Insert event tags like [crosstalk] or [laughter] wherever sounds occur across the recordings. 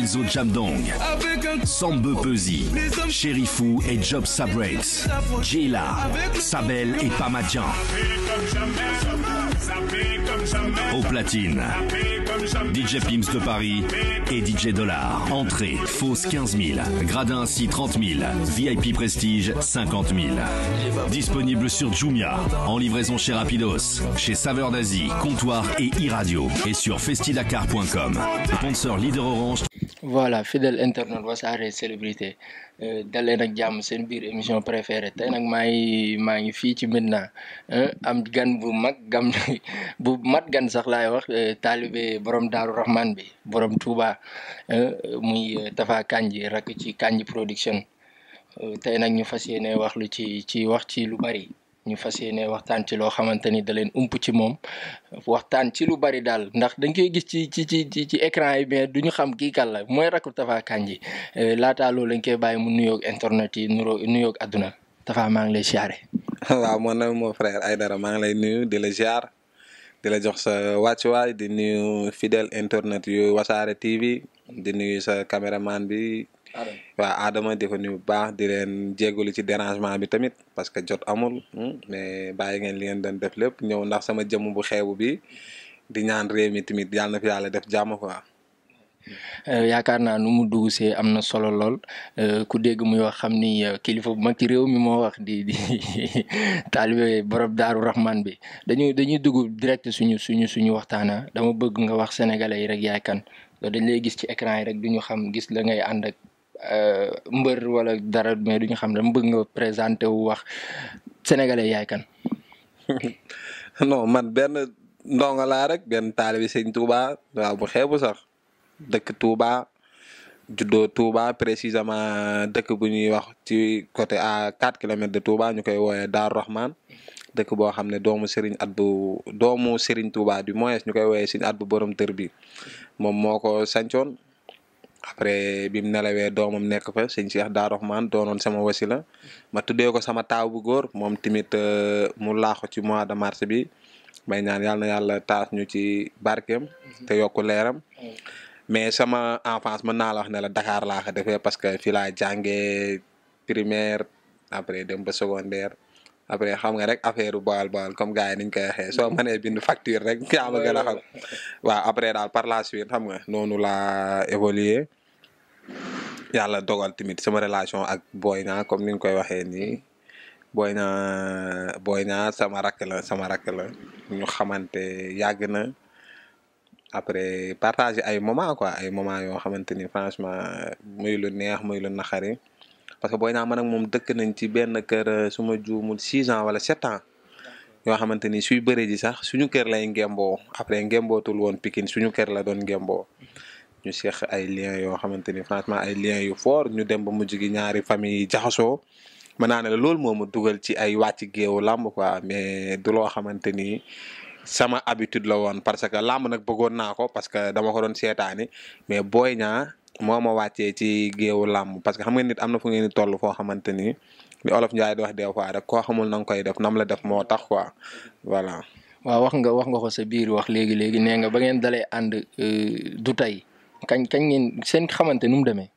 Miles O'Jamdong, Sambe Pesi, Sherifou et Job Sabrates, Jila, Sabel et Pamadjan. Au platine, DJ Pims de Paris et DJ Dollar. Entrée, fausse 15 000, gradin ainsi VIP Prestige Disponible sur Jumia, en livraison chez Rapidos, chez Saveur d'Asie, Comptoir et e et sur festidakar.com. Sponsor leader orange voilà fidèle internet Wassare célébrité euh, dalee nag jàmm seen biir émission préférée tey nag maa ngi maa ngi fii ci Médina am gan bu mag gam [laughs] bu mat gan sax laay wax euh, taalibe borom Daaru Rahman bi borom Touba muy euh, Tafa Kandji rakk ci Kandji production tey nag ñu fas yéene wax lu ci ci wax ci lu bari ñu fas yéene waxtaan ci loo xamante ni da leen ump ci moom waxtaan ci lu bari daal ndax dañ koy gis ci ci ci ci écran yi mais du ñu xam kii kan mooy rakku Tapha Kandji euh, laataa loolu lañ koy bàyyi mu nuyoog internet yi nuroo nuyoog àdduna Tapha maa ngi lay siyaare. [laughs] waaw man moo mon ay dara maa ngi lay nuyu di la di la jox sa wàccuwaay di nuyu fidèle internet yu wasaare TV di nuyu sa caméraman bi. waaw Adama di ko nuyu bu baax di leen jégalu ci dérangement bi tamit parce que jot amul hmm, mais bàyyi ngeen li ngeen doon def lépp ñëw ndax sama jëmm bu xeebu bi di ñaan réew mi tamit yàlla na fi yàlla def jàmm quoi. Eh, yaakaar naa nu mu dugg see am na solo lool eh, ku dégg muy wax xam ni eh, kilifa bu mag ci réew mi moo wax di di [laughs] taalibe borom daaru Rahman bi dañuy dañuy dugg direct suñu suñu suñu waxtaana ah. dama bëgg nga wax sénégalais yi rek yaay kan dañ lay gis ci écran yi rek du ñu xam gis la ngay ànd Euh, mbër wala dara mais xam ne mbëgg nga présenté wu wax sénégalais yaay kan. [laughs] non benn ndongo laa rek benn taalibi sëñ Touba waaw bu xeebu sax dëkk Touba juddoo Touba précisément dëkk bu ñuy wax ci côté à 4 kilomètres de Touba ñu koy woowee daal Rahman dëkk boo xam ne doomu seriñ at doomu seriñ Touba du moins ñu koy woowee Serigne at bu borom tër bi moom moo ko après bi mu nelawee doomam nekk fa sëñ Cheikh Daa Rahman doonoon sama wasila ma tuddee ko sama taaw bu góor moom tamit euh, mu laaxu ci mois de mars bi may ñaan yàlla na yàlla taas ñu ci barkeem. te yokk leeram. mais sama enfance mën naa la ne la Dakar laa ko defee parce que fii laa jàngee primaire après dem ba secondaire. après xam nga rek affaire baal baal comme gars yi niñ koy waxee soo manee bind facture rek [laughs] yaa ma gën a xam waaw après daal par la xam nga noonu laa évoluer yàlla dogal tamit sama relation ak Boy Niang comme ni ñu koy waxee nii Boy na Boy Niang sama rakk la sama rakk la ñu xamante yàgg na après partage ay moment quoi ay moment yoo xamante ni franchement muy lu neex muy lu naxari parce que boo naa man ak moom dëkk nañ ci benn kër euh, suma ma juumul six ans wala sept ans yoo xamante ni suy bëre ji sax suñu kër lay ngemboo après ngembootul woon pikin suñu kër la doon ngemboo ñu seex ay liens yoo xamante ni franchement ay liens yu fort ñu dem ba mujj gi ñaari famille yi jaxasoo mën naa ne la loolu moo ma dugal ci ay wàcc géewu làmb quoi mais du loo xamante ni sama habitude la woon parce que làmb nag bëggoon naa ko parce que dama ko doon seetaani mais booy ñaa moo ma wàccee ci géewu làmb parce que xaman nga nit am na fu ngeen ni toll foo xamante ni li olof Njaay di wax des fois rek koo xamul na nga koy def nam la def moo tax quoi voilà. waaw wax nga wax nga ko sa biir wax léegi léegi nee nga ba ngeen dalee ànd euh, du tey kañ kañ ngeen seen xamante nu demee.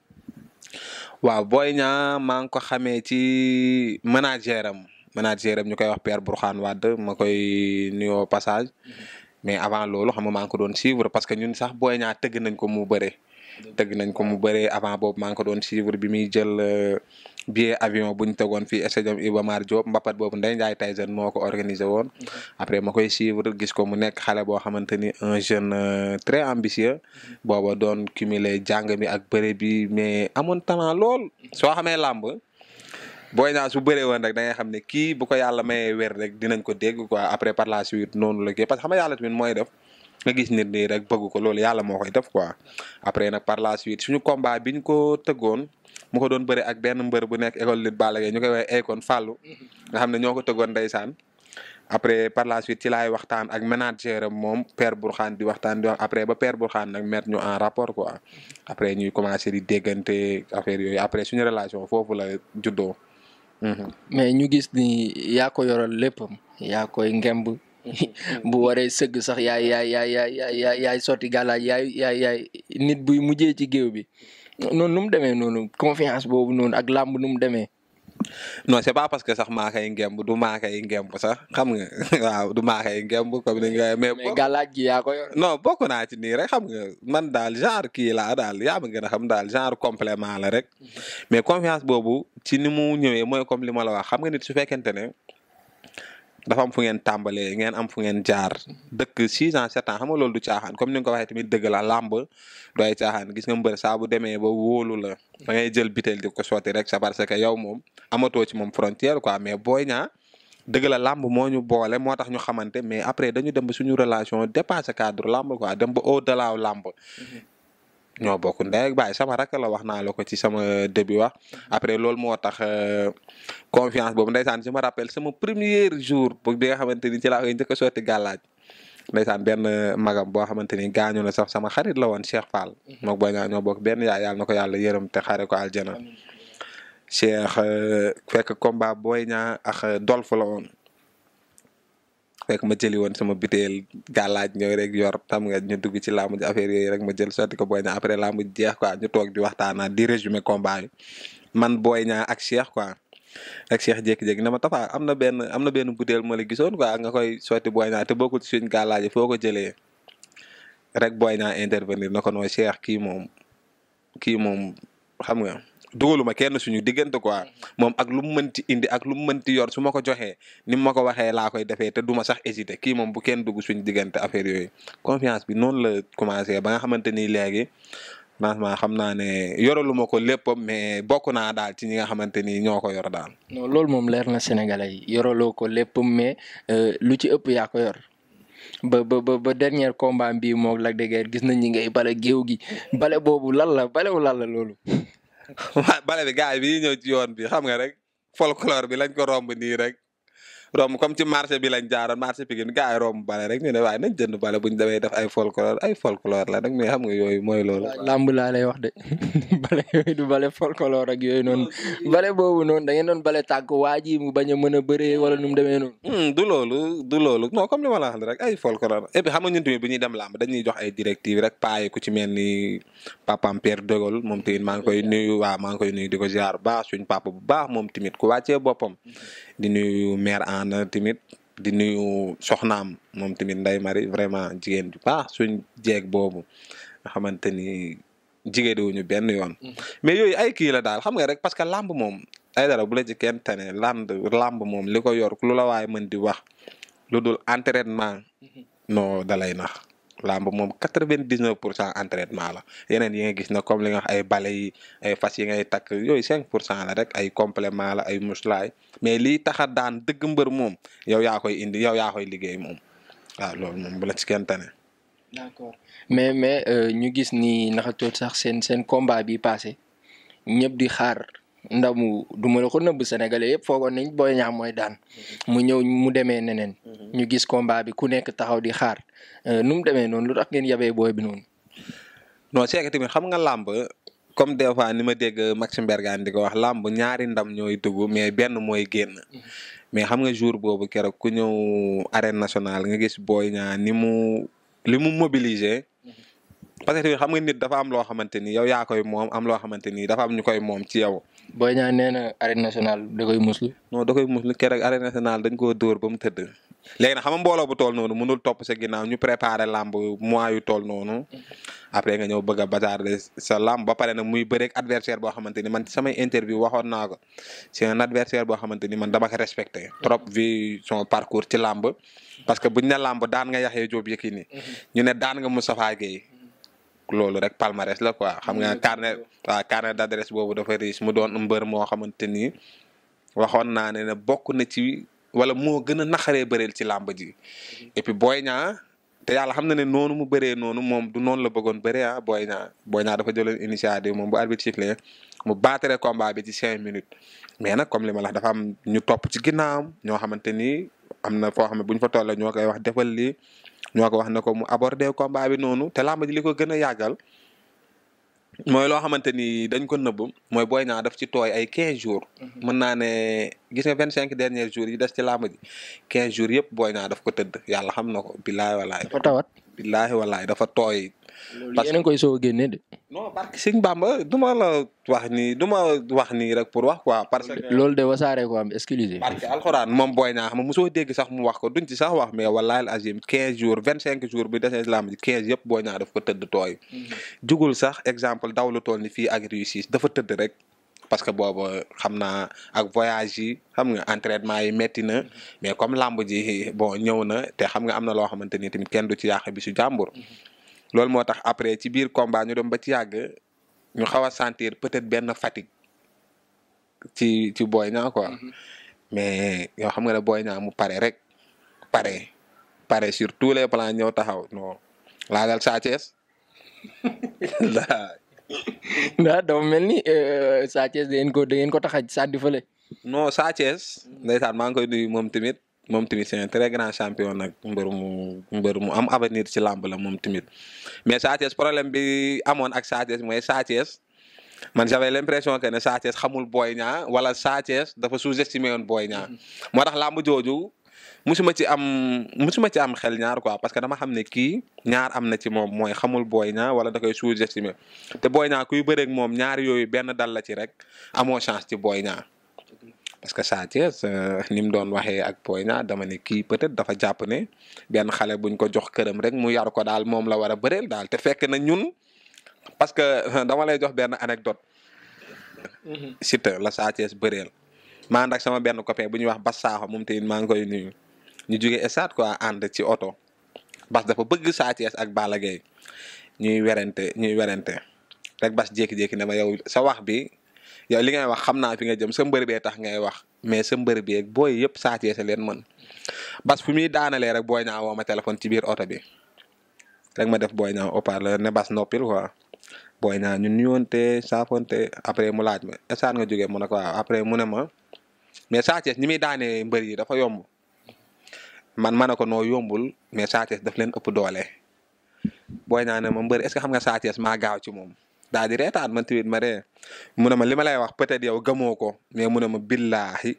waaw booy ñaa maa ngi ko xamee ci manager am manager am ñu koy wax Père xaan Wade ma koy nuyoo passage mm-hmm. mais avant loolu xam nga maa ngi ko doon suivre parce que ñun sax booy ñaa tëgg nañ ko mu bëre. tëgg nañ ko mu bëree avant boobu maa ngi ko doon suivre bi muy jël euh, billet avion bu ñu tegoon fii stadium Iba Mar Diop mbapat boobu Ndeye Ndiaye Tyson moo ko organisé woon. Mhm. après ma koy suivre gis ko mu nekk xale boo xamante ni un jeune euh, très ambitieux. Mhm. booba doon cumuler jàng mi ak bëre bi mais amoon talent lool soo xamee làmb. booy naa su bëree woon rek da ngay kii bu ko yàlla mayee wér rek dinañ ko dégg quoi après par la suite noonu la kii parce que xam nga yàlla mooy def. nga gis nit nii rek bëgg ko loolu yàlla moo koy def quoi après nag par la suite suñu combat bi ñu ko tëggoon mu ko doon bëri ak benn mbër bu nekk école lit Balla Gaye ñu koy a Akon Fallou nga xam ne ñoo ko tegoon ndeysaan après par la suite ci laay waxtaan ak manager am moom per Père Bourkhane di waxtaan di wax après ba per Père xaan nag mettre ñu en rapport quoi après ñuy commencé di déggante affaire yooyu après suñu relation foofu la juddoo. Mhm. mais ñu gis ni yaa ko yoral léppam [laughs] bu waree sëgg sax yaay yaay yaay yaay yaay sotti gàllaaj yaay yaay yaay nit buy mujjee ci géew bi noonu nu mu demee noonu confiance boobu noonu ak làmb nu mu demee. non c'est pas parce que sax maa yi ngemb du maa koy ngemb sax xam nga [laughs] waaw du maa koy ngemb comme mais. mais gàllaaj gi yaa ko yor. bokk naa ci nii rek xam nga man daal genre kii laa daal yaa ma gën xam daal genre complément la rek mhm. mais confiance boobu ci ni mu ñëwee mooy comme li ma la wax xam nga nit su fekkente ne. dafa am fu ngeen tàmbalee ngeen am fu ngeen jaar dëkk six ans sept ans xam lool loolu du caaxaan comme ni nga ko waxee tamit dëgg la làmb du ay caaxaan gis nga mbër saa demee ba wóolu la da ngay jël bitel di ko sotti rek sa parce que yow moom amatoo ci moom frontière quoi mais booy ñaa dëgg la làmb moo ñu boole moo tax ñu xamante mais après dañu dem ba suñu relation dépassé cadre lamb quoi dem ba o delà làmb mhm. ñoo bokk ndey ak sama rakk la wax naa la ko ci sama début wax après loolu moo tax euh, confiance boobu ndeysaan je me rappelle sama premier jour bu bi nga xamante ni ci laa koy njëkk a sotti gàllaaj ndeysaan benn euh, magam boo xamante ni gaañu na sax sama xarit la woon Cheikh Fall mhm. mook boo ñaa ñoo bokk benn yaay yàlla na ko yàlla yërëm te xare ko aljana Cheikh euh, fekk combat booy ñaa ak dolf la woon fekk ma jëli woon sama biteel gàllaaj ñëw rek yor tam nga ñu dugg ci làmb ji affaire yooyu rek ma jël sotti ko booy ñaa après làmb ji jeex quoi ñu toog di waxtaanaa di résumé combat yi man booy ñaa ak Cheikh quoi ak Cheikh jékki-jékki na ma tafaa am na benn am na benn butéel ma la gisoon quoi nga koy sotti booy ñaa te bokkul ci suñ gàllaaj foo ko jëlee rek booy ñaa intervenir na ko noo Cheikh kii moom kii moom xam nga dugaluma kenn suñu diggante quoi mhm. moom ak lu mu mënti indi ak lu mu mënti yor su ma ko joxee ni ma ko waxee laa koy defee te du ma sax hésité kii moom bu kenn dugg suñu diggante affaire yooyu confiance bi noonu la commencé ba nga xamante ni léegi franchement xam naa ne yoraluma ko lépp mais bokk naa daal ci ñi nga xamante ni ñoo ko yor daal. non loolu moom leer na Sénégalais yi yoraloo ko lépp mais euh, lu ci ëpp yaa ko yor. ba ba ba dernier combat bii moom Lac de Guiers gis nañ ñi ngay bale géew gi bale boobu lan la balewu lan la loolu. [laughs] [laughs] bale bi gars bi ñuy ñëw ci yoon bi xam nga rek folklore bi lañ ko romb nii rek romb comme ci marché bi lañ jaaroon marché Pikine gars yi romb bale rek ñu ne waaye nañ jënd bale buñ demee def ay folklore ay folklore la nag mais xam nga yooyu mooy loolu. làmb laa lay wax de [laughs] bale yooyu du bale folklore ak yooyu noonu bale boobu noonu da ngeen bale tàgg waa ji mu bañ a mën a bëree wala nu mu demee noonu. Hmm, du loolu du loolu non comme li rek ay folklore et xam nga ñun tamit bu ñuy dem làmb dañuy jox ay directives rek paa yi ku ci mel ni papaam Pierre de Gaulle moom tamit maa ngi koy nuyu waa maa ngi koy nuyu di ko ziar baax suñ papa bu baax moom tamit ku wàccee boppam di nuyu maire amaana tamit di nuyu soxnaam moom tamit Ndeye Marie vraiment jigéen ju baax suñ jeeg boobu nga xamante ni jigéedewuñu benn yoon. Mm-hmm. mais yooyu ay kii la daal xam nga rek parce que lamb moom ay dara bu la ci kenn tane làmb làmb moom li ko yor lu la waay mën di wax lu dul entraînement. Mm-hmm. non dalay nax. lamb moom quatre vingt dix neuf pour cent entraînement la yeneen yi nga gis na comme li nga wax ay bale yi ay fas yi ngay takk yooyu cinq pour cent la rek ay complément la ay muslaay mais lii taxa daan dëgg mbër moom yow yaa koy indi yow yaa koy liggéey moom waaw loolu moom bu la ci kenn tane. d'accord mais mais euh, ñu gis ni naxatoot sax seen seen combat bi passé ñëpp di xaar. ndamu du ma la ko nëbb sénégalais yëpp foogoon nañ mooy daan mhm. mu ñëw mu demee neneen mhm. ñu gis ko bi ku nekk taxaw di xaar euh, nu mu demee noonu lu tax ngeen yabee booy bi noonu non c'est que xam nga làmb comme des fois ni ma dégg Maxime di ko wax làmb ñaari ndam ñooy dugg mais benn mooy génn mhm. mais xam nga jour boobu keroog ku ñëw arène national nga gis Boy Niang ni mu li mu mobiliser parce que tamit xam nga nit dafa am loo xamante ni yow yaa koy moom am loo xamante ni dafa am ñu koy moom ci yow Boy Niang nee na arène nationale da koy muslu. non da koy muslu keroog arène nationale dañ koo dóor ba mu tëdd. léegi nag xam mbooloo bu toll noonu mënul topp sa ginnaaw ñu préparer làmb mois yu toll noonu. après nga ñëw bëgg a bazarder sa làmb ba pare nag muy bëreeg adversaire boo xamante ni man samay interview waxoon naa ko c'est un adversaire boo xamante ni man dama ko respecté. trop vu son parcours ci làmb. parce que buñ ne làmb daan nga Yaxya Joob Yékini. Mhm. ñu ne daan nga Moustapha Guèye loolu rek palmarès la quoi xam nga carnet waaw carnet d'adresse boobu dafa riche mu doon mbër moo xamante ni waxoon naa ne ne bokk na ci wala moo gën a naxaree bëreel ci làmb ji mhm. et puis Boy te yàlla xam na ne noonu mu bëree noonu moom du noonu la bëggoon bëree booy ah, Boy Niang Boy Niang dafa jëloon initiative moom bu arbitre sifflé mu baatare combat bi ci cinq minutes mais nag comme li la dafa am ñu topp ci ginnaawam ñoo xamante ni am na foo xam ne bu ñu fa toll ñoo koy wax defal li ñoo ko wax ne ko mu aborder combat bi noonu te làmb li ko gën a yàggal mooy loo xamante ni dañ ko nëbb mooy Boy Niang daf ci tooy ay quinze jours mhm. mën naa ne gis nga vingt cinq derniers jours yi des ci làmb ji quinze jours yëpp Boy Niang daf ko tëdd yàlla xam na ko billaahi walaay dafa tawat dafa tooy parce que yéen a ngi koy soog a génne de. non barke Sëñ du ma la wax nii du ma wax nii rek pour wax quoi. parce que loolu de wasaare ko am exclusif. barke alxuraan moom booy naa xam mosoo dégg sax mu wax ko duñ ci sax wax mais wallaahi azim 15 jours 25 jours bi desee islam ji yëpp booy naa daf ko tëdd tooy. Mhm. jugul sax exemple daw lu toll ni fii ak réussite dafa tëdd rek. parce que boobu xam naa ak voyage yi xam nga entraînement yi métti na mhm. mais comme làmb ji bon ñëw na te xam nga am na loo xamante ni tamit kenn du ci yàq bi su jàmbur. Mhm. loolu moo tax après ci biir combat ñu dem ba ci yàgg ñu xaw a sentir peut-être benn fatigue ci ci Boy Niang quoi. Mm-hmm. mais yoo xam nga ne Boy Niang mu pare rek pare pare sur tous les plans ñëw taxaw non laajal Sa Thiès waaw [laughs] mel ni euh, Sa Thiès da ko da ngeen ko tax a sàddi fële. non Sa Thiès. ndeysaan maa ngi koy nuyu moom tamit. moom tamit c'est un très grand champion nag mbër mu mbër mu am avenir ci lamb la moom tamit mais Sa problème bi amoon ak Sa mooy Sa man j'avais l'impression que ne Sa xamul booy Niang wala Sa dafa sous-estimé yoon booy Niang mm-hmm. moo tax làmb jooju musuma ci am musuma ci am xel ñaar quoi parce que dama xam ne kii ñaar am na ci moom mooy xamul Boy Niang wala da koy sous-estimé te Boy Niang kuy bëreeg moom ñaar yooyu benn dal la ci rek amoo chance ci booy Niang parce que Sa Thiès euh, ni mu doon waxee ak Boy Niang dama ne kii peut-être dafa jàpp ne benn xale buñ ko jox këram rek mu yar ko daal moom la war a bëreel daal te fekk na ñun parce que [laughs] dama lay jox benn anecdote mhm. Siteu la Sa Thiès bëreel maa nag sama benn copain bu ñuy wax Bas Sakho moom tamit maa ngi koy nuyu ñu jugee stade quoi ànd ci oto Bas dafa bëgg Sa ak Balla ñuy werante ñuy werante rek Bas jékki-jékki ne ma yow sa wax bi. yow li ngay wax xam naa fi nga jëm sa mbër bee tax ngay wax mais sa mbër bee booy yëpp Sa sa leen mën bas fu muy daanalee rek booy ñaa ma téléphone ci biir oto bi rek ma def booy ñaa au ne bas noppil quoi booy ñaa ñu nuyoonte saafonte après mu laaj ma esaan nga jógee mu ne ko après mu ne ma mais Sa ñi muy daanee mbër yi dafa yomb man ma ne ko noo yombul mais Sa Thiès daf leen ëpp doole booy ñaa ne ma mbër est-ce xam nga Sa Thiès maa gaaw ci moom. daa di reetaan man tamit ma ree mu ne ma li ma lay wax peut-être yow gëmoo ko mais mu ne ma billaahi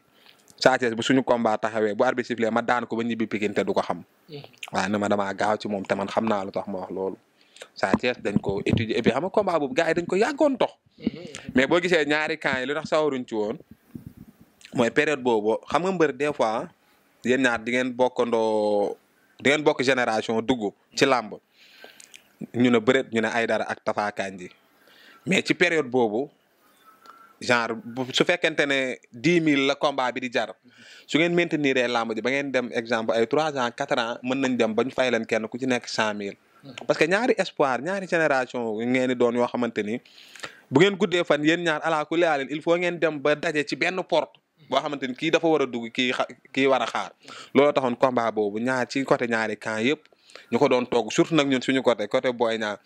Sa Thiès bu suñu combat taxawee bo arbitre sifflé ma daan ko ba ñibbi Pikine te du ko xam. Eh. waaw ne ma damaa gaaw ci moom te xam naa lu tax ma wax lool Sa Thiès dañ ko étudier et puis xam nga combat boobu gars yi dañ ko yàggoon tox. Eh. mais boo gisee ñaari camps yi lu tax sawaruñ ci woon mooy période boobu xam nga mbër des fois yéen ñaar di ngeen bokkandoo di ngeen bokk génération dugg ci làmb ñu ne bëreet ñu ne Aïdara ak Tafa Kandji mais ci période boobu genre su fekkente ne dix mille la combat bi di jar su ngeen maintenir làmb ji ba ngeen dem exemple ay trois ans quatre ans mën nañ dem ba ñu fay leen kenn ku ci nekk cent mille. Hmm. parce que ñaari espoir ñaari génération ngeen di doon yoo xamante ni bu ngeen guddee fan yéen ñaar ala kulli leen il faut ngeen dem ba daje ci benn porte. boo xamante ni kii dafa war a dugg kii kii war a xaar looloo taxoon combat boobu ñaar ci côté ñaari camp yëpp ñu ko doon toog surtout nag ñun suñu côté côté Boy Niang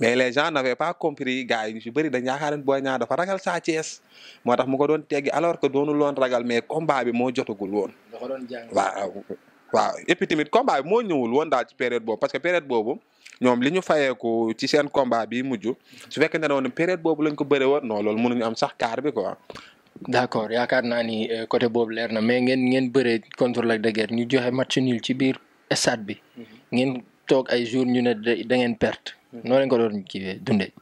mais les gens n'avaient pas compris gars yi ñu si bëri dañ yaakaaroon Boy ragal Sa Thiès moo tax mu ko doon teggi alors que doonul woon ragal mais combat bi moo jotagul woon. dafa doon jàng waaw waaw et puis moo ñëwul woon daal ci période boobu parce que période boobu ñoom li ñu fayeeku ci seen combat bi mujj su fekkee ne woon période boobu lañ ko bëree woon non loolu mënuñu am sax kaar bi quoi. d' accord yaakaar naa ni euh, côté boobu leer na mais ngeen ngeen bëree contre Lac de Guiers ñu joxe match ci biir stade bi. Mhm. toog ay jour ñu ne da ngeen perte. noo leen ko doon kiiwee dundee.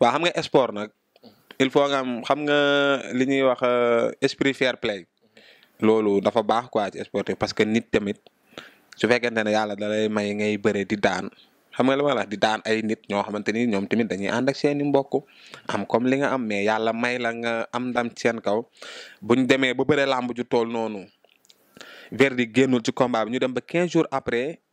waaw xam nga sport nag il faut ngam xam nga li ñuy wax euh, esprit fair play loolu dafa baax quoi ci sportif parce que nit tamit su fekkente ne yàlla da may ngay bëre di daan xam nga li ma di daan ay nit ñoo xamante ni ñoom tamit dañuy ànd ak seen mbokk am comme li nga am mais yàlla may la nga am dam seen kaw buñ demee ba bëre làmb ju tool noonu verdict génnul ci combat bi ñu dem ba 15 jours après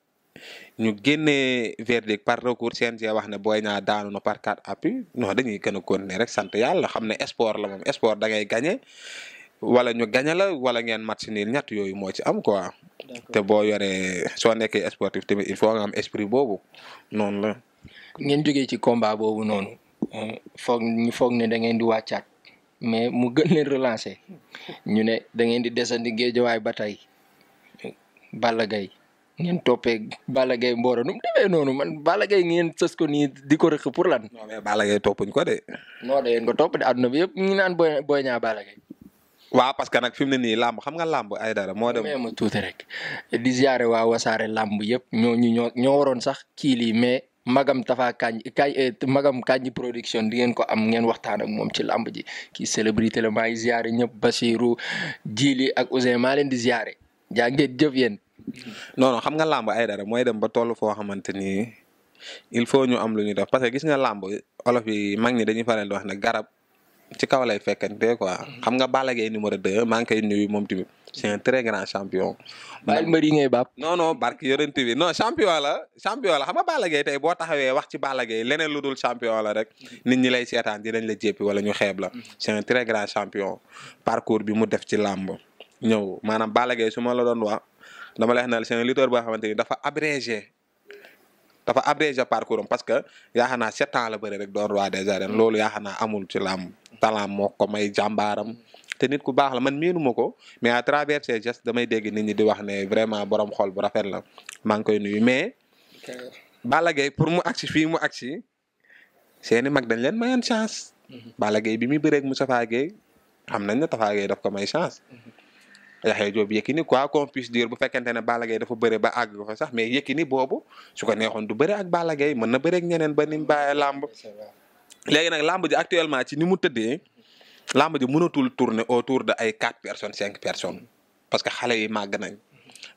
ñu génnee verdict par recours CNG wax ne Boy Niang daanu na par quatre appuis non dañuy gën a continuer rek sant yàlla xam ne sport la moom sport da ngay gagné wala ñu gagné la wala ngeen match nii ñett yooyu moo ci am quoi. te boo yoree soo nekkee sportif tamit il faut nga am esprit boobu noonu la. ngeen jógee ci combat boobu noonu. Euh, foog ñu foog ne da ngeen di wàccaat mais mu gën leen relancer ñu ne da ngeen di desandi géejawaay ba tey Balla Gaye ngeen toppee Balla Gaye Mboro nu mu demee noonu man Balla ngeen sës ko nii di ko rëq pour lan. non mais Balla Gaye toppuñ ko de. non ko topp de àdduna bi yëpp ñu naan booy booy ñaa Balla Gaye. que nag fi mu ne nii làmb xam nga làmb ay dara moo dem. ma tuuti rek di ziare waa wasaare làmb yëpp ñoo ñu ñoo ñoo waroon sax kii lii mais magam Tafa Kañ Kañ eh, magam Kañ production di ngeen ko am ngeen waxtaan ak moom ci làmb ji kii célébrité la maa ngi ziare ñëpp Basirou Djili ak Ousseyn maa leen di ziare jaa ngeen jëf yéen. non xam nga làmb ay dara mooy dem ba toll foo xamante ni il faut ñu am lu ñu def parce que gis nga lambo olof yi mag ñi dañuy faral di wax na garab ci kaw lay fekkante quoi xam nga Balla Gaye numéro 2 maa ngi koy nuyu moom tamit c'est un très grand champion. bàyyi mbër yi ngay bàpp. non non barki la champion la xam nga Balla tey boo taxawee wax ci Balla leneen lu dul champion la rek nit ñi lay seetaan dinañ la jéppi wala ñu xeeb la. c'est un très grand champion parcours bi mu def ci làmb ñëw maanaam Balla Gaye su ma la doon wax. dama lay wax ne c'est un lutteur boo xamante ni dafa abrégé dafa abrégé parcours parce que yaakaar naa sept ans la bëri rek doon roi des arènes loolu yaakaar naa amul ci làmb talent moo ko may jàmbaaram te nit ku baax la man miinu ma ko mais à travers ces gestes damay dégg nit ñi di wax ne vraiment borom xol bu rafet la maa ngi koy nuyu mais. Balla pour mu agsi fii mu agsi seeni mag dañ leen mayoon chance. Mhm. Balla Gaye bi muy bëreeg Moustapha Gueye xam nañ ne Tafa daf ko may chance. Mhm. Yaxya Joob Yékini quoi qu'on puisse dire bu fekkente ne Balla dafa bëre ba àgg fa sax mais Yékini boobu su ko neexoon du bëre ak Balla mën na bëre ñeneen ba ni mu bàyyee làmb léegi nag làmb ji actuellement ci ni mu tëddee làmb ji mënatul tourner autour de ay quatre personnes cinq personnes parce que xale yi màgg nañ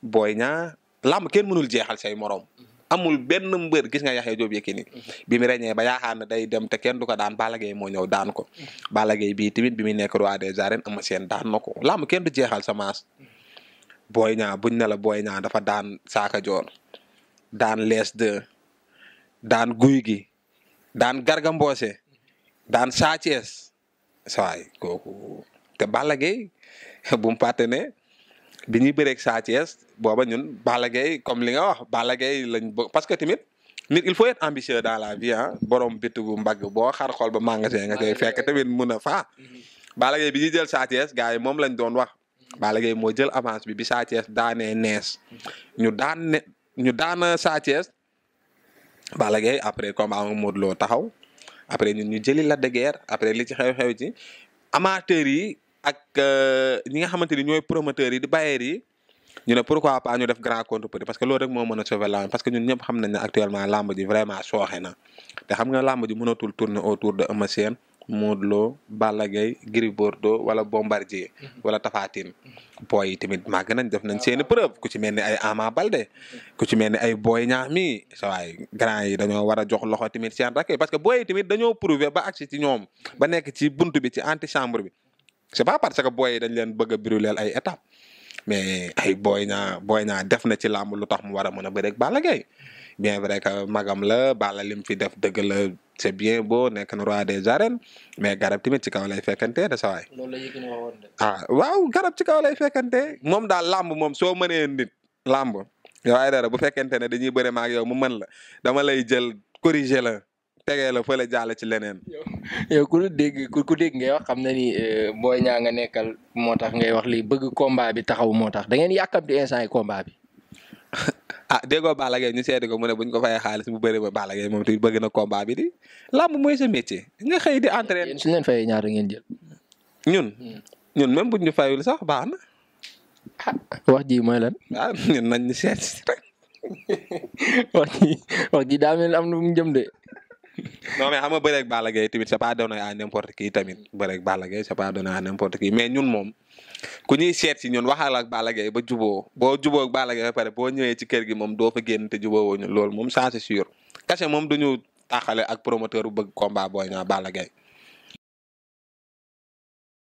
booy ñaa làmb kenn mënul jeexal say moroom mm-hmm. amul benn mbër gis nga Yaxya Joob Yékini mhm. bi mu reñee ba yaakaar ne day dem te kenn du ko daan Balla moo ñëw daan ko mhm. Balla Gaye bii tamit bi muy nekk roi des arènes Eumeu Sène daan na ko làmb kenn du jeexal sa booy mhm. Boy buñ ne la booy Niang dafa daan Saaka Joor daan Lees de daan Guy gi daan Garga Mbossé daan Sa sawaay kooku te Balla Gaye [laughs] bu bi ñuy bëreeg Sa booba ñun Balla Gaye comme li nga wax Balla Gaye lañ parce que tamit nit il faut être ambitieux dans la vie ah borom bitt bu mbagg boo xar xol ba magasin nga koy fekk tamit mun a faa. Balla bi ñuy jël Sa Thiès gars mom moom lañ doon wax. Balla Gaye moo jël avance bi bi Sa Thiès daanee nees. ñu daan ne ñu daana Sa Thiès Balla après combat mu Modou Lo taxaw après ñu jëli la de après li ci xew-xew ci amateur ak euh, ñi nga xamante ni ñooy promoteurs yi di bailleurs yi ñu ne pourquoi pas ñu def grand contre parce que loolu rek moo mën a sauver lamb parce que ñun ñëpp xam nañ ne actuellement lamb ji vraiment sooxe na te xam nga lamb ji mënatul tourner autour de Eumeu Sène Modou Lo Balla Gaye Gris wala Bombardier wala Tapha Tine booy yi tamit màgg nañ def nañ seeni preuve ku ci mel ni ay Ama Baldé ku ci mel ni ay Boy Niang mi sa waay grand yi dañoo war a jox loxo tamit seen rakk parce que booy yi tamit dañoo prouver ba agsi ci ñoom ba nekk ci bunt bi ci antichambre bi c'est pas parce que booy yi dañ leen bëgg a brûler ay étapes mais ay booy ñaa booy ñaa def na ci làmb lu tax mu war a mën a bëre ak Balla Gaye bien vrai que magam la Balla lim fi def dëgg la c'est bien beau nekk na roi des arènes mais garab tamit ci kaw lay fekkante de sa waay. loolu la Yékini waxoon de. Ah, waaw garab ci kaw lay fekkante moom daal làmb moom soo mënee nit làmb yow ay dara bu fekkente ne dañuy bëre ma ak yow mu mën la dama lay jël corriger la. tegee la fële jàll ci leneen. yow ku dégg ku dégg xam na ni euh, booy ñaa nga nekkal moo tax ngay wax lii bëgg combat bi taxaw moo tax da ngeen yàkkamti instant yi combat bi. [laughs] ah déggoo Balla Gaye ñu seeti ko mu ne buñ ko fayee xaalis bu bëri ba Balla Gaye moom tamit bëgg na ko bi di làmb mooy sa métier nga xëy di entraîner. su leen fayee ñaar ngeen jël. ñun. Hmm. ñun même buñ ñu fayul sax baax na. Ah, wax ji mooy lan. ah ñun nañ ñu seet rek. [laughs] wax ji wax ji am na mu jëm [laughs] non mais xam nga bëreeg Balla Gaye tamit c'est pas donné à n'importe qui tamit bëreeg Balla Gaye c'est pas donné à n'importe qui mais ñun moom ku ñuy seet si ñun waxal ak Balla ba juboo boo juboo ak Balla Gaye ba pare boo ñëwee ci kër gi moom doo fa génn te juboo woo ñu loolu moom ça sur sûr kese moom duñu tàqale ak promoteur bu bëgg combat booy ñaa Balla Gaye